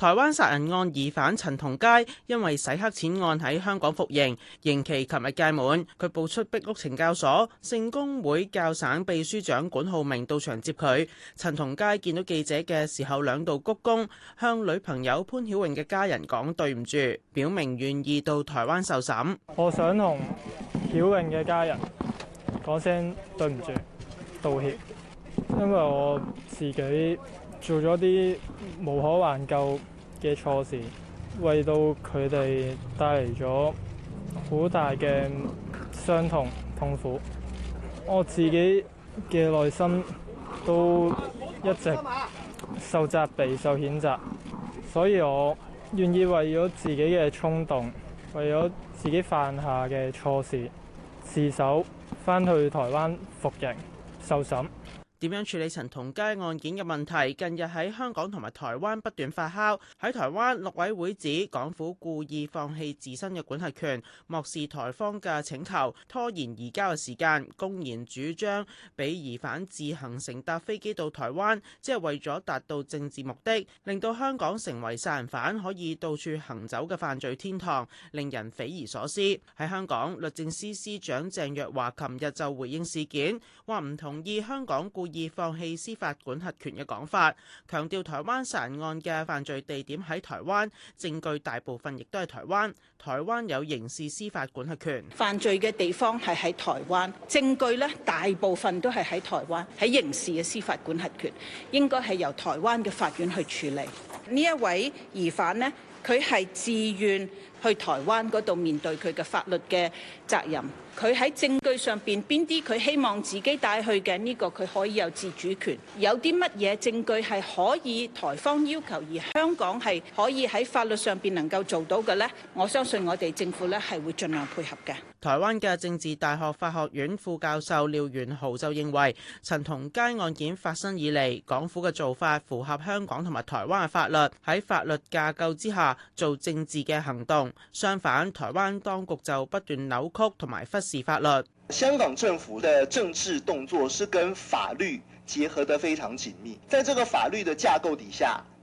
台灣殺人案疑犯陳同佳因為洗黑錢案喺香港服刑，刑期琴日屆滿，佢步出壁屋懲教所，聖公會教省秘書長管浩鳴到場接佢。陳同佳見到記者嘅時候，兩度鞠躬，向女朋友潘曉穎嘅家人講對唔住，表明願意到台灣受審。我想同曉穎嘅家人講聲對唔住，道歉，因為我自己。做咗啲無可挽救嘅錯事，為到佢哋帶嚟咗好大嘅傷痛痛苦。我自己嘅內心都一直受責備、受譴責，所以我願意為咗自己嘅衝動，為咗自己犯下嘅錯事，自首返去台灣服刑受審。點樣處理陳同佳案件嘅問題？近日喺香港同埋台灣不斷發酵。喺台灣，陸委會指港府故意放棄自身嘅管轄權，漠視台方嘅請求，拖延移交嘅時間，公然主張俾疑犯自行乘搭飛機到台灣，即係為咗達到政治目的，令到香港成為殺人犯可以到處行走嘅犯罪天堂，令人匪夷所思。喺香港，律政司司長鄭若驊琴日就回應事件，話唔同意香港故以放棄司法管轄權嘅講法，強調台灣殺人案嘅犯罪地點喺台灣，證據大部分亦都係台灣，台灣有刑事司法管轄權。犯罪嘅地方係喺台灣，證據呢大部分都係喺台灣，喺刑事嘅司法管轄權應該係由台灣嘅法院去處理。呢一位疑犯呢。佢係自願去台灣嗰度面對佢嘅法律嘅責任。佢喺證據上邊邊啲佢希望自己帶去嘅呢、這個佢可以有自主權。有啲乜嘢證據係可以台方要求而香港係可以喺法律上邊能夠做到嘅呢？我相信我哋政府咧係會盡量配合嘅。台灣嘅政治大學法學院副教授廖元豪就認為，陳同佳案件發生以嚟，港府嘅做法符合香港同埋台灣嘅法律，喺法律架構之下做政治嘅行動。相反，台灣當局就不斷扭曲同埋忽視法律。香港政府嘅政治動作是跟法律結合得非常緊密，在這個法律的架構底下。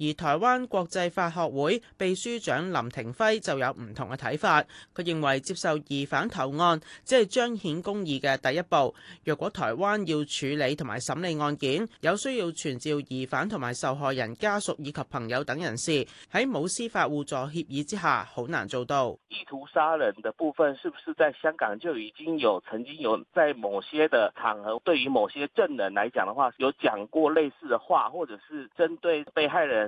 而台灣國際法學會秘書長林庭輝就有唔同嘅睇法，佢認為接受疑犯投案只係彰顯公義嘅第一步。若果台灣要處理同埋審理案件，有需要傳召疑犯同埋受害人家屬以及朋友等人士，喺冇司法互助協議之下，好難做到。意圖殺人的部分，是不是在香港就已經有曾經有在某些的場合，對於某些證人來講的話有講過類似的話，或者是針對被害人？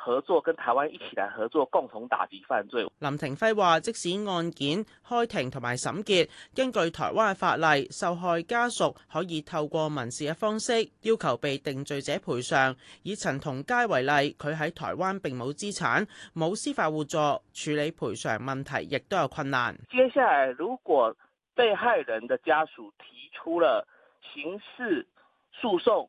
合作，跟台灣一起嚟合作，共同打擊犯罪。林廷輝話：即使案件開庭同埋審結，根據台灣嘅法例，受害家屬可以透過民事嘅方式要求被定罪者賠償。以陳同佳為例，佢喺台灣並冇資產，冇司法互助處理賠償問題，亦都有困難。接下來，如果被害人的家屬提出了刑事訴訟，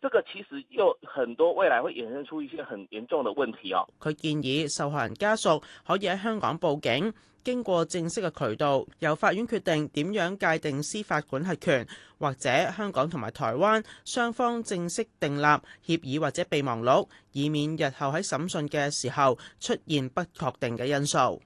這個其實有很多未來，會衍生出一些很嚴重的問題哦、啊。佢建議受害人家屬可以喺香港報警，經過正式嘅渠道，由法院決定點樣界定司法管轄權，或者香港同埋台灣雙方正式訂立協議或者備忘錄，以免日後喺審訊嘅時候出現不確定嘅因素。